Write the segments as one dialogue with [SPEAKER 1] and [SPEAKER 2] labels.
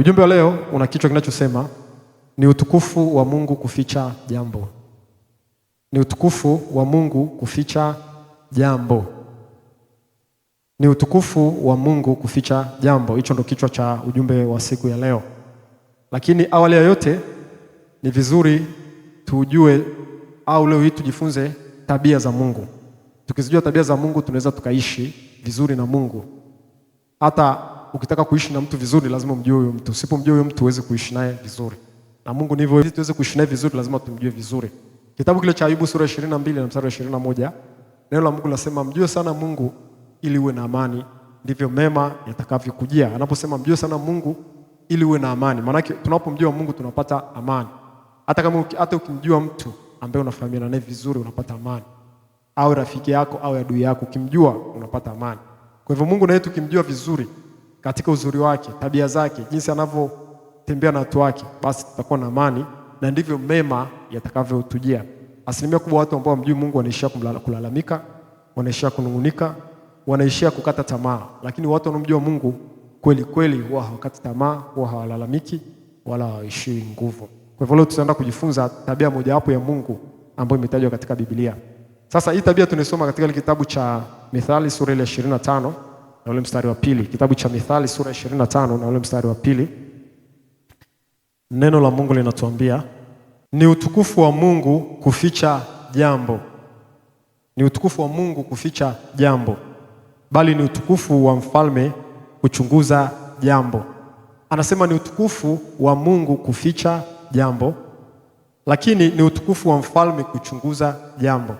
[SPEAKER 1] Ujumbe wa leo una kichwa kinachosema ni utukufu wa Mungu kuficha jambo. Ni utukufu wa Mungu kuficha jambo. Ni utukufu wa Mungu kuficha jambo. Hicho ndo kichwa cha ujumbe wa siku ya leo. Lakini awali ya yote ni vizuri tujue au leo hii tujifunze tabia za Mungu. Tukizijua tabia za Mungu tunaweza tukaishi vizuri na Mungu. Hata ukitaka kuishi na mtu vizuri lazima umjue huyo mtu. Usipomjua huyo mtu uweze kuishi naye vizuri. Na Mungu ni hivyo ili tuweze kuishi naye vizuri lazima tumjue vizuri. Kitabu kile cha Ayubu sura ya 22 na mstari wa 21, neno la Mungu lasema mjue sana Mungu ili uwe na amani, ndivyo mema yatakavyokujia. Anaposema mjue sana Mungu ili uwe na amani, maana yake tunapomjua Mungu tunapata amani. Hata kama hata ukimjua mtu ambaye unafahamiana naye vizuri unapata amani, au rafiki yako au adui yako, ukimjua unapata amani. Kwa hivyo Mungu na yetu tukimjua vizuri katika uzuri wake, tabia zake, jinsi anavyotembea na watu wake, basi tutakuwa na amani na ndivyo mema yatakavyotujia. Asilimia kubwa watu ambao wamjui Mungu wanaishia kulalamika, wanaishia kunungunika, wanaishia kukata tamaa, lakini watu wanaomjua Mungu kweli kweli huwa hawakati tamaa, huwa hawalalamiki wala hawaishiwi nguvu. Kwa hivyo leo tutaenda kujifunza tabia mojawapo ya Mungu ambayo imetajwa katika Biblia. Sasa hii tabia tunasoma katika kitabu cha Mithali sura ya 25 na ule mstari wa pili, kitabu cha Mithali sura 25 na ule mstari wa pili, neno la Mungu linatuambia ni utukufu wa Mungu kuficha jambo, ni utukufu wa Mungu kuficha jambo, bali ni utukufu wa mfalme kuchunguza jambo. Anasema ni utukufu wa Mungu kuficha jambo, lakini ni utukufu wa mfalme kuchunguza jambo.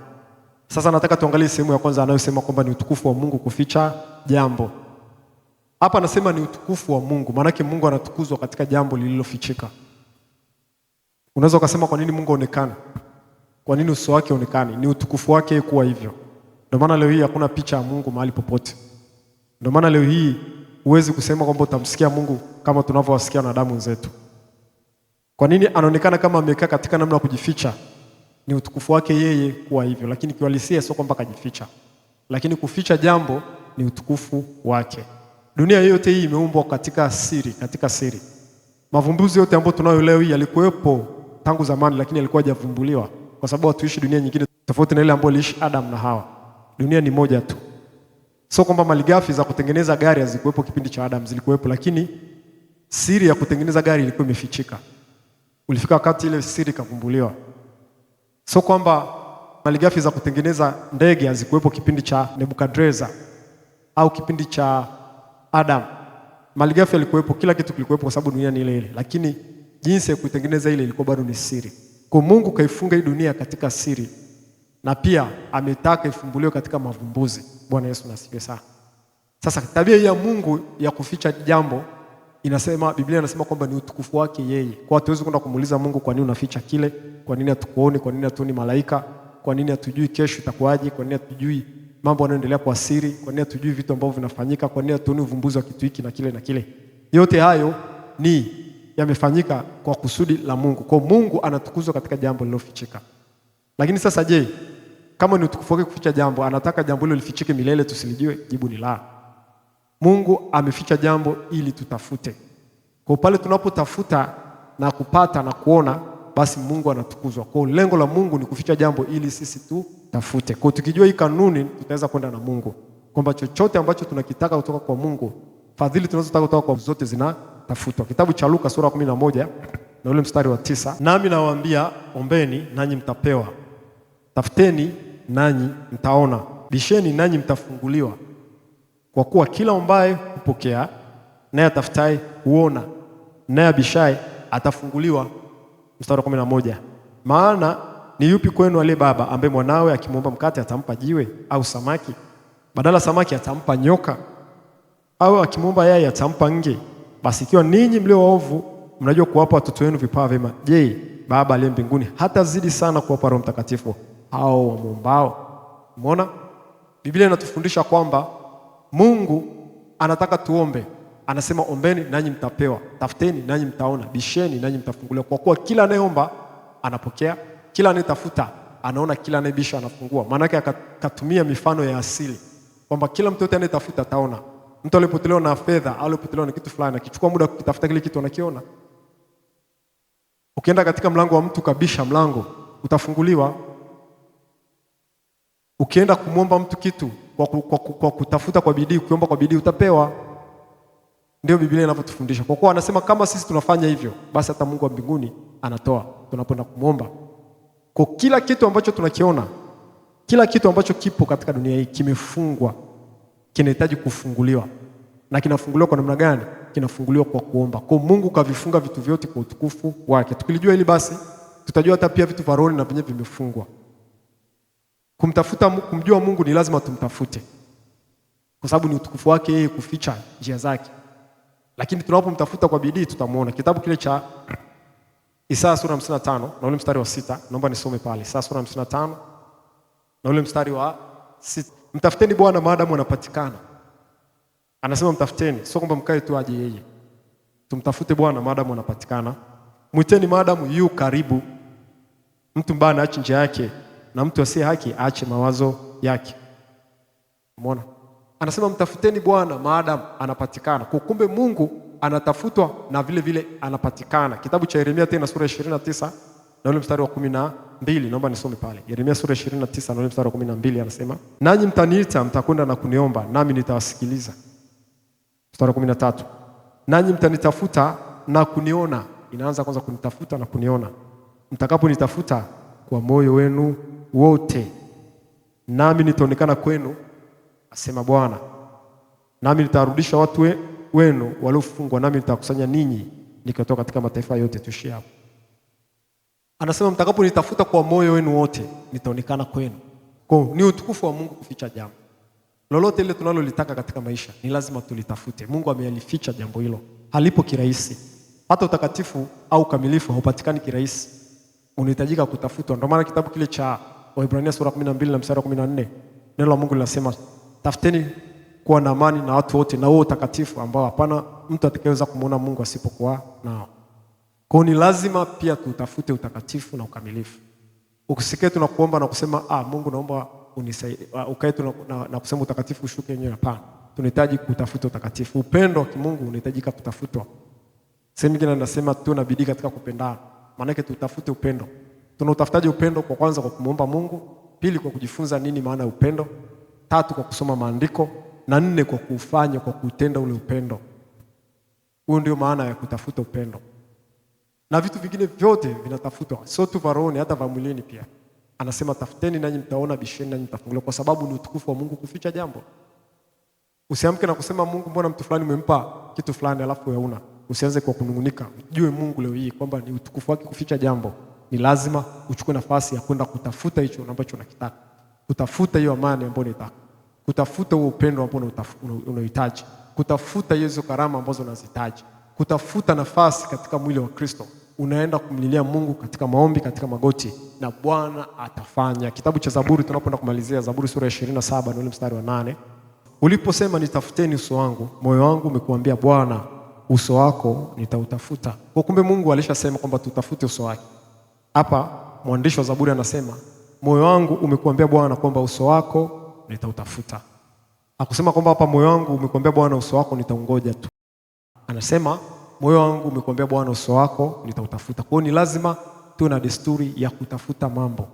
[SPEAKER 1] Sasa nataka tuangalie sehemu ya kwanza anayosema kwamba ni utukufu wa Mungu kuficha jambo. Hapa anasema ni utukufu wa Mungu, maanake Mungu anatukuzwa katika jambo lililofichika. Unaweza ukasema kwa nini Mungu aonekane? Kwa nini uso wake aonekane? Ni utukufu wake kuwa hivyo. Ndio maana leo hii hakuna picha ya Mungu mahali popote. Ndio maana leo hii huwezi kusema kwamba utamsikia Mungu kama tunavyowasikia wanadamu wenzetu. Kwa nini anaonekana kama amekaa katika namna ya kujificha? ni utukufu wake yeye kuwa hivyo, lakini kiuhalisia sio kwamba kajificha, lakini kuficha jambo ni utukufu wake. Dunia yote hii imeumbwa katika siri, katika siri. Mavumbuzi yote ambayo tunayo leo hii yalikuwepo tangu zamani, lakini yalikuwa hajavumbuliwa kwa sababu hatuishi dunia nyingine tofauti na ile ambayo iliishi Adam na Hawa. Dunia ni moja tu, sio kwamba malighafi za kutengeneza gari hazikuwepo kipindi cha Adam, zilikuwepo, lakini siri ya kutengeneza gari ilikuwa imefichika. Ulifika wakati ile siri ikavumbuliwa. Sio kwamba malighafi za kutengeneza ndege hazikuwepo kipindi cha Nebukadreza au kipindi cha Adam. Malighafi yalikuwepo, kila kitu kilikuwepo, kwa sababu dunia ni ile ile, lakini jinsi ya kuitengeneza ile ilikuwa bado ni siri. Kwa Mungu kaifunga hii dunia katika siri, na pia ametaka ifumbuliwe katika mavumbuzi. Bwana Yesu nasifiwe sana. Sasa tabia ya Mungu ya kuficha jambo inasema Biblia inasema kwamba ni utukufu wake yeye. Kwa hatuwezi kwenda kumuuliza Mungu, kwa nini unaficha kile? Kwa nini hatukuoni? Kwa nini hatuoni malaika? Kwa nini hatujui kesho itakuwaje? Kwa nini hatujui mambo yanayoendelea kwa siri? Kwa nini hatujui vitu ambavyo vinafanyika? Kwa nini hatuoni uvumbuzi wa kitu hiki na kile na kile? Yote hayo ni yamefanyika kwa kusudi la Mungu. Kwa Mungu anatukuzwa katika jambo lilofichika. Lakini sasa je, kama ni utukufu wake kuficha jambo, anataka jambo hilo lifichike milele tusilijue? Jibu ni la. Mungu ameficha jambo ili tutafute. Kwa pale tunapotafuta na kupata na kuona, basi Mungu anatukuzwa. Kwa lengo la Mungu ni kuficha jambo ili sisi tutafute. Kwa tukijua hii kanuni, tutaweza kwenda na Mungu kwamba chochote ambacho tunakitaka kutoka kwa Mungu, fadhili tunazotaka kutoka kwa zote zinatafutwa. Kitabu cha Luka sura 11 na ule mstari wa tisa, nami nawaambia ombeni nanyi mtapewa, tafuteni nanyi mtaona, bisheni nanyi mtafunguliwa kwa kuwa kila ombaye hupokea, naye atafutaye huona, naye abishaye atafunguliwa. Mstari wa moja. maana ni yupi kwenu aliye baba ambaye mwanawe akimwomba mkate atampa jiwe, au samaki badala samaki atampa nyoka? Au akimwomba yai atampa nge? Basi ikiwa ninyi mlio waovu mnajua kuwapa watoto wenu vipawa vyema, je, Baba aliye mbinguni hata zidi sana kuwapa Roho Mtakatifu hao wamwombao? Umeona, Biblia inatufundisha kwamba Mungu anataka tuombe, anasema ombeni nanyi mtapewa, tafuteni nanyi mtaona, bisheni nanyi mtafunguliwa, kwa kuwa kila anayeomba anapokea, kila anayetafuta anaona, kila anayebisha anafungua. Maanake akatumia mifano ya asili kwamba kila mtoto anayetafuta ataona. Mtu aliyepotelewa na fedha, aliyepotelewa na kitu fulani, akichukua muda kukitafuta kile kitu anakiona. Ukienda katika mlango wa mtu kabisha mlango, utafunguliwa. Ukienda kumwomba mtu kitu kwa, kwa, kwa kutafuta kwa bidii, kuomba kwa bidii utapewa. Ndio Biblia inavyotufundisha. Kwa kuwa anasema kama sisi tunafanya hivyo, basi hata Mungu wa mbinguni anatoa tunapoenda kumwomba. Kwa kila kitu ambacho tunakiona, kila kitu ambacho kipo katika dunia hii kimefungwa, kinahitaji kufunguliwa. Na kinafunguliwa kwa namna gani? Kinafunguliwa kwa kuomba. Kwa Mungu kavifunga vitu vyote kwa utukufu wake. Tukilijua hili basi, tutajua hata pia vitu vya roho na vyenyewe vimefungwa. Kumtafuta, kumjua Mungu ni lazima tumtafute, kwa sababu ni utukufu wake yeye kuficha njia zake, lakini tunapomtafuta kwa bidii tutamwona. Kitabu kile cha Isaya sura 55 na ule mstari wa sita naomba nisome pale. Isaya sura 55 na ule mstari wa sita mtafuteni Bwana maadamu anapatikana. Anasema mtafuteni, sio kwamba mkae tu aje yeye. Tumtafute Bwana maadamu anapatikana, mwiteni maadamu yu karibu. Mtu mbaya anaacha njia yake na mtu asiye haki aache mawazo yake. Umeona? Anasema mtafuteni Bwana maadamu anapatikana. Kwa kumbe Mungu anatafutwa na vile vile anapatikana. Kitabu cha Yeremia tena sura ya 29 na ule mstari wa 12, naomba nisome pale. Yeremia sura ya 29 na ule mstari wa 12 anasema, nanyi mtaniita, mtakwenda na kuniomba, nami nitawasikiliza. Mstari wa 13, nanyi mtanitafuta na kuniona. Inaanza kwanza kunitafuta na kuniona, mtakaponitafuta kwa moyo wenu wote, nami nitaonekana kwenu, asema Bwana, nami nitarudisha watu wenu waliofungwa, nami nitakusanya ninyi nikatoka katika mataifa yote Tushie hapo. Anasema mtakaponitafuta kwa moyo wenu wote, nitaonekana kwenu. Kwa ni utukufu wa Mungu kuficha jambo lolote lile tunalolitaka katika maisha, ni lazima tulitafute. Mungu amelificha jambo hilo, halipo kirahisi. Hata utakatifu au kamilifu haupatikani kirahisi, unahitajika kutafutwa. Ndio maana kitabu kile cha Waibrania sura 12 na mstari wa 14, neno la Mungu linasema tafuteni kuwa na amani na watu wote na huo utakatifu ambao hapana mtu atakayeweza kumwona Mungu asipokuwa nao. Kwa hiyo ni lazima pia tutafute utakatifu na ukamilifu. Ukisikia tunakuomba na kusema ah, Mungu naomba unisaidie, uh, ukae tu na, na kusema utakatifu ushuke yenyewe, hapana. Tunahitaji kutafuta utakatifu. Upendo wa kimungu unahitajika kutafutwa. Sehemu nyingine anasema tu nabidii katika kupendana. Maana yake tutafute upendo. Tunautafutaje upendo? Kwa kwanza kwa kumwomba Mungu, pili kwa kujifunza nini maana ya upendo, tatu kwa kusoma maandiko na nne kwa kuufanya, kwa kutenda ule upendo. Huyo ndio maana ya kutafuta upendo, na vitu vingine vyote vinatafutwa, sio tu varoni, hata va mwilini pia. Anasema tafuteni nanyi mtaona, bisheni nanyi mtafunguliwa, kwa sababu ni utukufu wa Mungu kuficha jambo. Usiamke na kusema Mungu, mbona mtu fulani umempa kitu fulani alafu hauna. Usianze kwa kunungunika, jue Mungu leo hii kwamba ni utukufu wake kuficha jambo ni lazima uchukue nafasi ya kwenda kutafuta hicho ambacho unakitaka, kutafuta hiyo amani ambayo unataka, kutafuta huo upendo ambao unahitaji, kutafuta hizo karama ambazo unazihitaji, kutafuta nafasi katika mwili wa Kristo. Unaenda kumlilia Mungu katika maombi, katika magoti, na Bwana atafanya. Kitabu cha Zaburi tunapoenda kumalizia, Zaburi sura ya 27 na ule mstari wa nane uliposema nitafuteni uso wangu, moyo wangu umekuambia Bwana, uso wako nitautafuta. Kwa kumbe Mungu alishasema kwamba tutafute uso wake. Hapa mwandishi wa Zaburi anasema moyo wangu umekuambia Bwana kwamba uso wako nitautafuta. Akusema kwamba hapa moyo wangu umekuambia Bwana uso wako nitaungoja tu. Anasema moyo wangu umekuambia Bwana uso wako nitautafuta. Kwa hiyo ni lazima tuwe na desturi ya kutafuta mambo,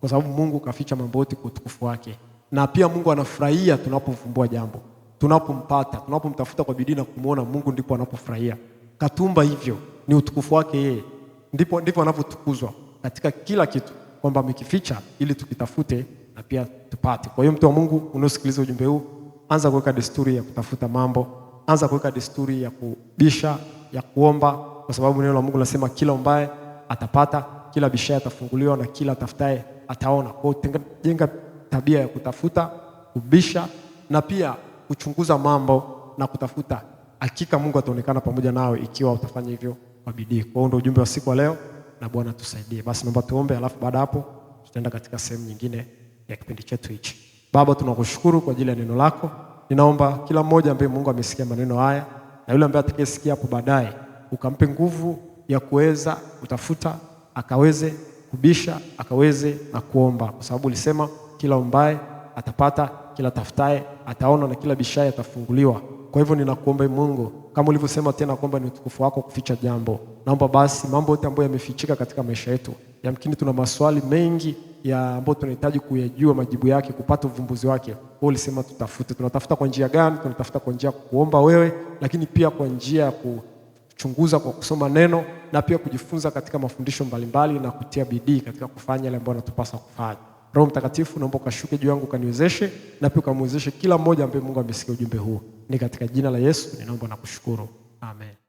[SPEAKER 1] kwa sababu Mungu kaficha mambo yote kwa utukufu wake, na pia Mungu anafurahia tunapomfumbua jambo, tunapompata, tunapomtafuta kwa bidii na kumwona Mungu, ndipo anapofurahia. Katumba hivyo, ni utukufu wake yeye, ndipo, ndipo anapotukuzwa katika kila kitu, kwamba amekificha ili tukitafute na pia tupate. Kwa hiyo mtu wa Mungu unaosikiliza ujumbe huu, anza kuweka desturi ya kutafuta mambo, anza kuweka desturi ya kubisha, ya kuomba, kwa sababu neno la Mungu nasema kila ombaye atapata, kila bishaye atafunguliwa na kila atafutaye ataona. Kwa hiyo jenga tabia ya kutafuta, kubisha na pia kuchunguza mambo na kutafuta. Hakika Mungu ataonekana pamoja nawe ikiwa utafanya hivyo kwa bidii. Kwa hiyo ndio ujumbe wa siku wa leo na Bwana tusaidie. Basi naomba tuombe, alafu baada hapo tutaenda katika sehemu nyingine ya kipindi chetu hichi. Baba, tunakushukuru kwa ajili ya neno lako. Ninaomba kila mmoja ambaye Mungu amesikia maneno haya na yule ambaye atakayesikia hapo baadaye, ukampe nguvu ya kuweza kutafuta, akaweze kubisha, akaweze na kuomba, kwa sababu ulisema kila ombaye atapata, kila tafutaye ataona, na kila bishaye atafunguliwa. Kwa hivyo ninakuomba Mungu, kama ulivyosema tena kwamba ni utukufu wako kuficha jambo, naomba basi mambo yote ambayo yamefichika katika maisha yetu, yamkini tuna maswali mengi ya ambayo tunahitaji kuyajua majibu yake, kupata uvumbuzi wake. Wewe ulisema tutafute. Tunatafuta kwa njia gani? Tunatafuta kwa njia ya kuomba wewe, lakini pia kwa njia ya kuchunguza kwa kusoma neno, na pia kujifunza katika mafundisho mbalimbali, na kutia bidii katika kufanya yale ambayo anatupasa kufanya. Roho Mtakatifu, naomba ukashuke juu yangu ukaniwezeshe na pia ukamwezeshe kila mmoja ambaye Mungu amesikia ujumbe huu. Ni katika jina la Yesu ninaomba na kushukuru. Amen.